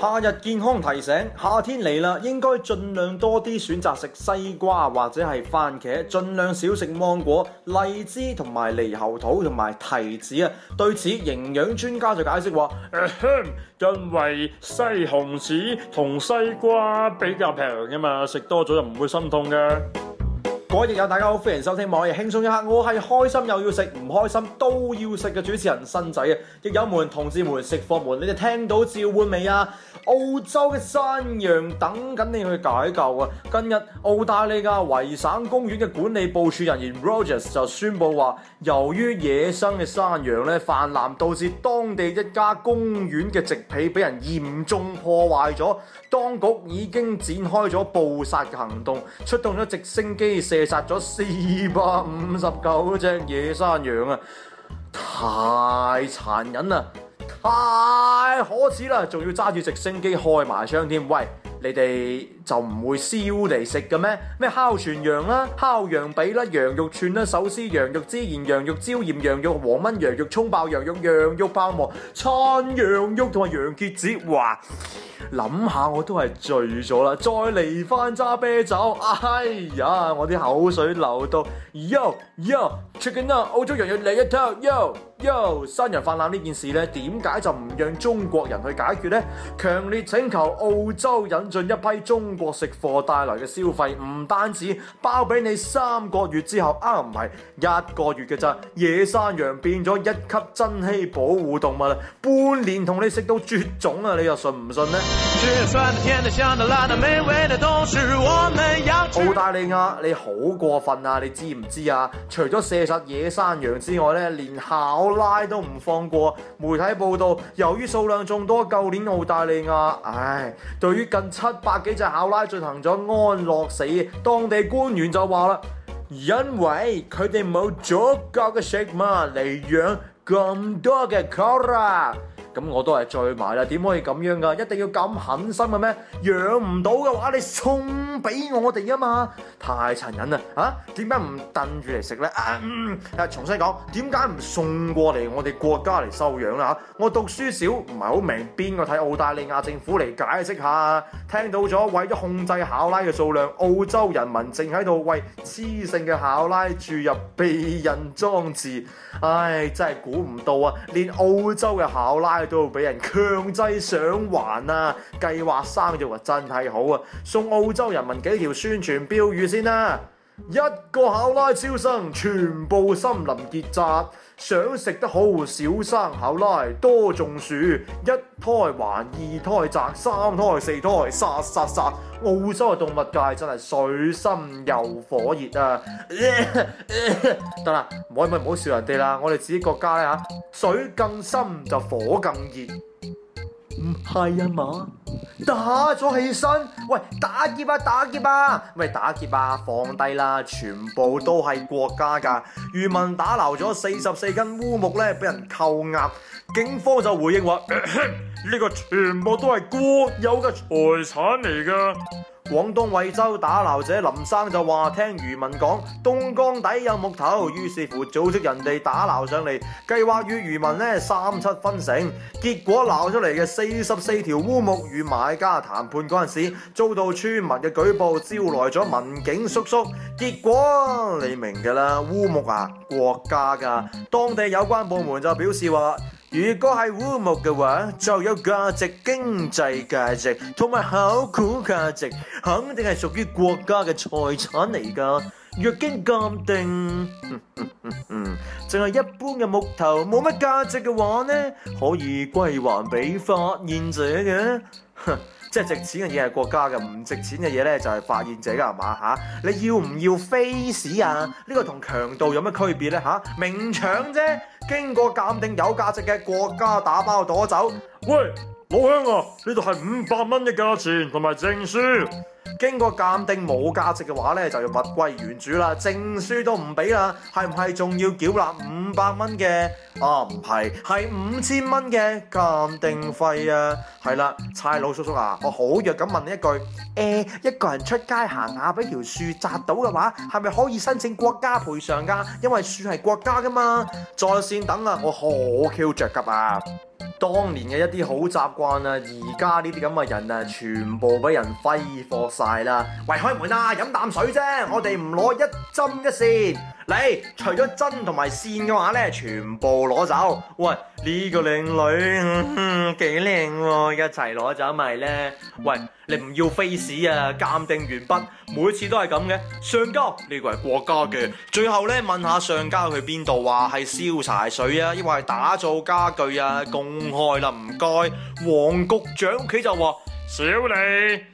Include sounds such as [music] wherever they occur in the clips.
夏日健康提醒：夏天嚟啦，應該盡量多啲選擇食西瓜或者係番茄，盡量少食芒果、荔枝同埋獼猴桃同埋提子啊！對此，營養專家就解釋話：啊哼，因為西紅柿同西瓜比較平嘅嘛，食多咗就唔會心痛嘅。我亦有大家好，歡迎收聽《網易輕鬆一刻》，我係開心又要食，唔開心都要食嘅主持人新仔啊！亦有們、同志們、食貨們，你哋聽到召喚未啊？澳洲嘅山羊等緊你去解救啊！近日澳大利亞維省公園嘅管理部署人員 Rogers 就宣布話，由於野生嘅山羊咧泛濫，導致當地一家公園嘅植被俾人嚴重破壞咗，當局已經展開咗捕殺嘅行動，出動咗直升機射。殺咗四百五十九隻野山羊啊！太殘忍啦，太可恥啦，仲要揸住直升機開埋槍添。喂，你哋！就唔會燒嚟食嘅咩？咩烤全羊啦、啊、烤羊髀啦、啊、羊肉串啦、手撕羊肉孜然、羊肉椒鹽、啊、羊肉黃燜、羊肉蔥爆、羊肉羊肉包、饃、餐羊肉同埋羊蠍子。哇！諗下我都係醉咗啦，再嚟翻揸啤酒。哎呀，我啲口水流到。Yo yo check it out，澳洲羊肉嚟一套。Yo yo 新人泛濫呢件事呢，點解就唔讓中國人去解決呢？強烈請求澳洲引進一批中。中國食貨帶來嘅消費唔單止包俾你三個月之後，啊、唔係、一個月嘅咋，野山羊變咗一級珍稀保護動物啦，半年同你食到絕種啊！你又信唔信呢？澳大利亞你好過分啊！你知唔知啊？除咗射殺野山羊之外咧，連考拉都唔放過。媒體報道，由於數量眾多，舊年澳大利亞，唉，對於近七百幾隻考拉進行咗安樂死，當地官員就話啦：因為佢哋冇足夠嘅食物嚟養咁多嘅卡拉。咁我都係再買啦，點可以咁樣噶？一定要咁狠心嘅咩？養唔到嘅話，你送俾我哋啊嘛！太殘忍啦嚇！點解唔燉住嚟食呢啊、嗯？啊！重新講，點解唔送過嚟我哋國家嚟收養啦嚇？我讀書少，唔係好明。邊個睇澳大利亞政府嚟解釋下啊？聽到咗，為咗控制考拉嘅數量，澳洲人民正喺度為雌性嘅考拉注入避孕裝置。唉、哎，真係估唔到啊！連澳洲嘅考拉～都俾人強制上環啊！計劃生育、啊、真係好啊，送澳洲人民幾條宣傳標語先啦、啊，一個考拉超生，全部森林結紮。想食得好，少生口拉，多種樹，一胎還二胎擇三胎四胎殺殺殺，澳洲嘅動物界真係水深又火熱啊！得、呃、啦，唔好咪唔好笑人哋啦，我哋自己國家咧，水更深就火更熱。唔係啊嘛，打咗起身，喂，打劫啊，打劫啊，喂，打劫啊，放低啦，全部都係國家噶，漁民打撈咗四十四根烏木咧，俾人扣押，警方就回應話，呢、 [coughs] [coughs] 這個全部都係國有嘅財產嚟噶。廣東惠州打撈者林生就話聽漁民講東江底有木頭，於是乎組織人哋打撈上嚟，計劃與漁民呢三七分成。結果撈出嚟嘅四十四條烏木，與買家談判嗰陣時遭到村民嘅舉報，招來咗民警叔叔。結果你明㗎喇，烏木啊，國家㗎，當地有關部門就表示話。如果係烏木嘅話，就有價值，經濟價值同埋考古價值，肯定係屬於國家嘅財產嚟㗎。若經鑑定，淨係一般嘅木頭，冇乜價值嘅話呢，可以歸還俾發現者嘅。即係值錢嘅嘢係國家嘅，唔值錢嘅嘢咧就係發現者啦，係嘛嚇？你要唔要 face 啊？呢個同強盜有咩區別咧嚇、啊？明搶啫，經過鑑定有價值嘅國家打包攞走。喂，老鄉啊，呢度係五百蚊嘅價錢同埋證書。經過鑑定冇價值嘅話咧，就要物歸原主啦，證書都唔俾啦，係唔係仲要繳納五百蚊嘅？啊唔係，係五千蚊嘅鑑定費啊！係啦，差佬叔叔啊，我好弱咁問你一句，誒、欸，一個人出街行下，俾條樹砸到嘅話，係咪可以申請國家賠償噶？因為樹係國家噶嘛？在線等啊，我好 Q 着急啊！當年嘅一啲好習慣啊，而家呢啲咁嘅人啊，全部俾人揮霍晒啦！喂，開門啦，飲啖水啫。我哋唔攞一針一線，嚟除咗針同埋線嘅話咧，全部攞走。喂，呢個靚女，幾靚，一齊攞走咪咧？喂，你唔要 face 啊！鑑定完畢，每次都係咁嘅。上交呢個係國家嘅，最後咧問下上交去邊度？話係燒柴水啊，抑或係打造家具啊？公開啦，唔該。王局長屋企就話，小李。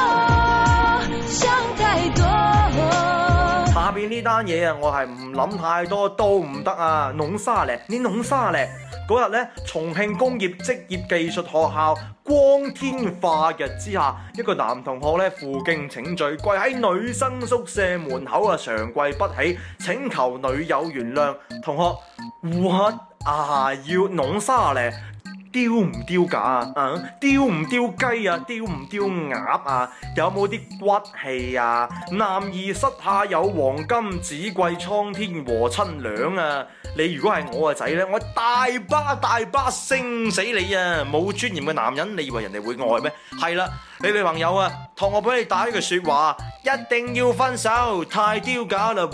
呢單嘢啊，我係唔諗太多都唔得啊！弄沙泥，你弄沙泥，嗰日咧，重慶工業職業技術學校光天化日之下，一個男同學咧負荊請罪，跪喺女生宿舍門口啊，長跪不起，請求女友原諒。同學，我啊要弄沙泥。丟唔丟架？刁刁嗯、刁刁雞啊？丟唔丟雞啊？丟唔丟鴨啊？有冇啲骨氣啊？男兒膝下有黃金，只跪蒼天和親娘啊！你如果係我個仔呢，我大把大把升死你啊！冇尊嚴嘅男人，你以為人哋會愛咩？係啦。你女朋友啊，同我俾你打一句說話，一定要分手，太丟假啦！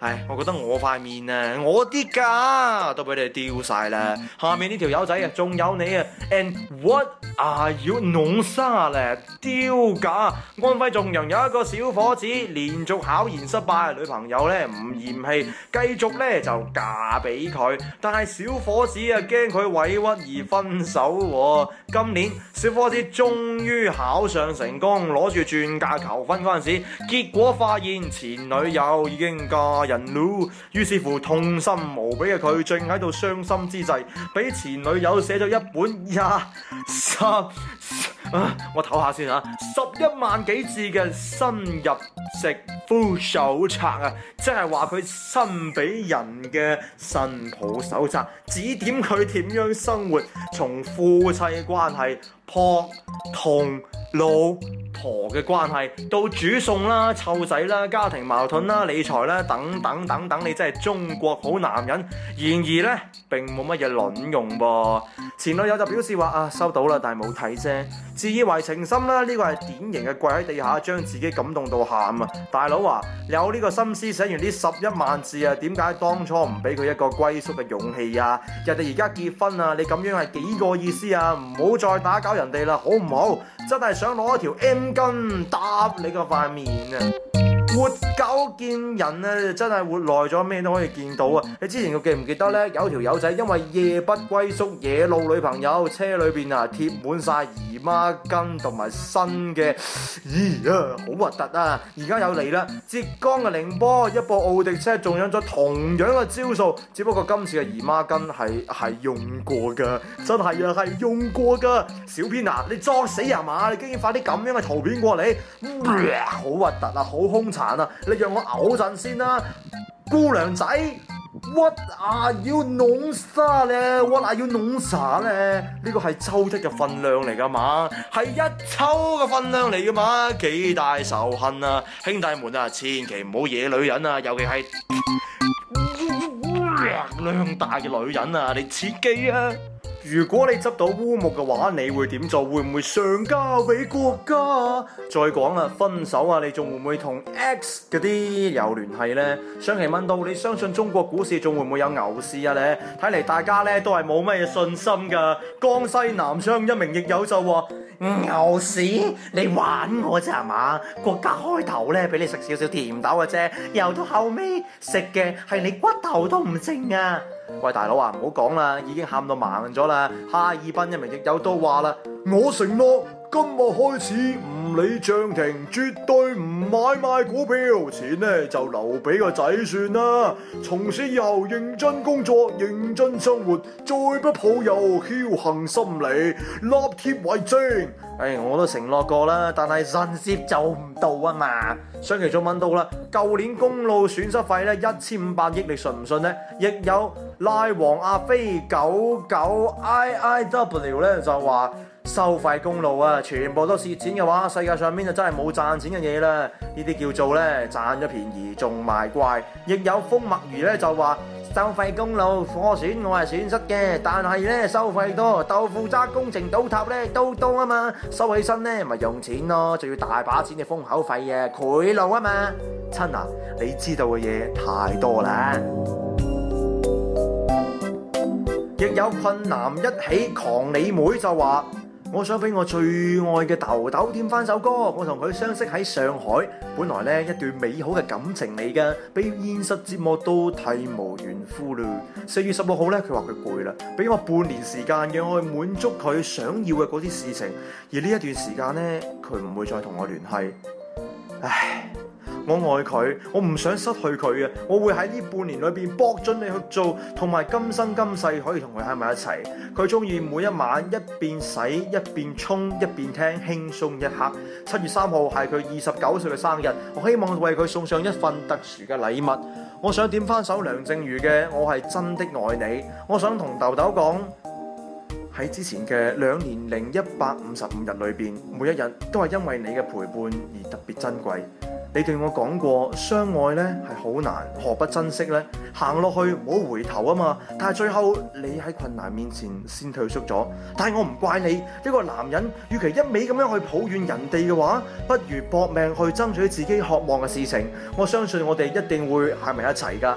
唉，我覺得我塊面啊，我啲假都俾你丟晒啦。下面呢條友仔啊，仲有你啊，and what are you 弄啥咧？丟假！安徽阜陽有一個小伙子連續考研失敗，女朋友咧唔嫌棄，繼續咧就嫁俾佢，但係小伙子啊驚佢委屈而分手啊。今年小伙子終於考。走上成功，攞住鑽戒求婚嗰陣時，結果發現前女友已經嫁人嚕，於是乎痛心無比嘅佢，正喺度傷心之際，俾前女友寫咗一本呀、啊，十，我唞下先吓，一萬幾字嘅新入食夫手冊啊，即係話佢新俾人嘅新抱手冊，指點佢點樣生活，從夫妻關係、仆同老婆嘅關係，到煮餸啦、湊仔啦、家庭矛盾啦、理財啦等等等等，等等，你真係中國好男人。然而呢，並冇乜嘢卵用噃、啊。前女友就表示話啊，收到啦，但係冇睇啫，自以為情深啦，呢、這個係點？型嘅跪喺地下，將自己感動到喊啊！大佬啊，你有呢個心思，寫完呢十一萬字啊，點解當初唔俾佢一個歸宿嘅勇氣啊？人哋而家結婚啊，你咁樣係幾個意思啊？唔好再打攪人哋啦，好唔好？真係想攞一條 M 巾搭你個塊面啊！活久見人啊，真係活耐咗咩都可以見到啊！你之前仲記唔記得呢？有條友仔因為夜不歸宿惹怒女朋友，車裏邊啊貼滿晒姨媽巾同埋新嘅，咦呀，好核突啊！而家又嚟啦，浙江嘅寧波，一部奧迪車仲用咗同樣嘅招數，只不過今次嘅姨媽巾係係用過噶，真係啊係用過噶！小編啊，你作死啊嘛？你竟然發啲咁樣嘅圖片過嚟，好核突啊，好凶啊！殘啦！你讓我嘔陣先啦，姑娘仔，what are you 弄啥咧，what are you 弄啥咧，呢個係抽屜嘅份量嚟㗎嘛，係一抽嘅份量嚟㗎嘛，幾大仇恨啊！兄弟們啊，千祈唔好惹女人啊，尤其係。力量大嘅女人啊，你切激啊！如果你執到烏木嘅話，你會點做？會唔會上交俾國家？再講啦，分手啊，你仲會唔會同 X 嗰啲有聯繫呢？上期問到你相信中國股市仲會唔會有牛市啊咧？睇嚟大家呢都係冇乜嘢信心噶。江西南昌一名亦友就話。牛屎，你玩我咋係嘛？國家開頭咧俾你食少少甜豆嘅啫，由到後尾食嘅係你骨頭都唔剩啊！喂，大佬啊，唔好講啦，已經喊到盲咗啦！哈爾濱一名亦有都話啦，我承諾。今日開始唔理漲停，絕對唔買賣股票，錢呢就留俾個仔算啦。從此以後認真工作、認真生活，再不抱有僥幸心理，立貼為證。誒、哎，我都承諾過啦，但係難接做唔到啊嘛。上期仲問到啦，舊年公路損失費咧一千五百億，你信唔信呢？亦有賴王阿飛九九 I I W 咧就話。收費公路啊，全部都蝕錢嘅話，世界上面就真係冇賺錢嘅嘢啦。呢啲叫做咧賺咗便宜仲賣乖。亦有風墨魚咧就話收費公路貨損我係損失嘅，但係咧收費多，豆腐渣工程倒塌咧都多啊嘛。收起身咧咪用錢咯，仲要大把錢嘅封口費嘅賄賂啊嘛。親啊，你知道嘅嘢太多啦。亦有困難一起扛，你妹就話。我想俾我最愛嘅豆豆點翻首歌，我同佢相識喺上海，本來呢一段美好嘅感情嚟噶，比現實折磨都體無完膚了。四月十六號呢，佢話佢攰啦，俾我半年時間讓我去滿足佢想要嘅嗰啲事情，而呢一段時間呢，佢唔會再同我聯繫，唉。我愛佢，我唔想失去佢啊！我會喺呢半年裏邊搏盡力去做，同埋今生今世可以同佢喺埋一齊。佢中意每一晚一邊洗一邊沖一邊聽輕鬆一刻。七月三號係佢二十九歲嘅生日，我希望為佢送上一份特殊嘅禮物。我想點翻首梁靜茹嘅《我係真的愛你》。我想同豆豆講喺之前嘅兩年零一百五十五日裏邊，每一日都係因為你嘅陪伴而特別珍貴。你對我講過相愛咧係好難，何不珍惜呢？行落去唔好回頭啊嘛！但係最後你喺困難面前先退縮咗，但係我唔怪你。一個男人與其一味咁樣去抱怨人哋嘅話，不如搏命去爭取自己渴望嘅事情。我相信我哋一定會係埋一齊噶。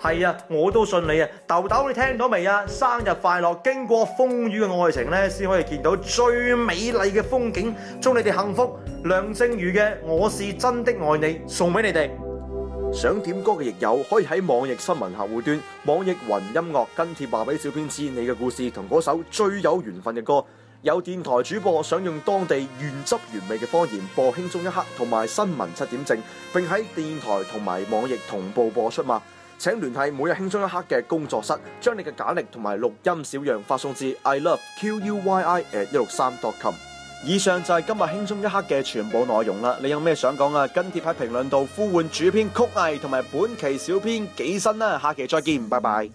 係啊，我都信你啊，豆豆你聽到未啊？生日快樂！經過風雨嘅愛情呢，先可以見到最美麗嘅風景。祝你哋幸福！梁靜茹嘅《我是真的愛你》送俾你哋。想點歌嘅益友可以喺網易新聞客戶端、網易雲音樂跟帖話俾小編知你嘅故事同嗰首最有緣分嘅歌。有電台主播想用當地原汁原味嘅方言播《輕鬆一刻》同埋新聞七點正，並喺電台同埋網易同步播出嘛？請聯繫每日輕鬆一刻嘅工作室，將你嘅簡歷同埋錄音小樣發送至 i love q u y i at 163 dot com。以上就係今日輕鬆一刻嘅全部內容啦。你有咩想講啊？跟貼喺評論度呼喚主編曲藝同埋本期小編幾新啦。下期再見，拜拜。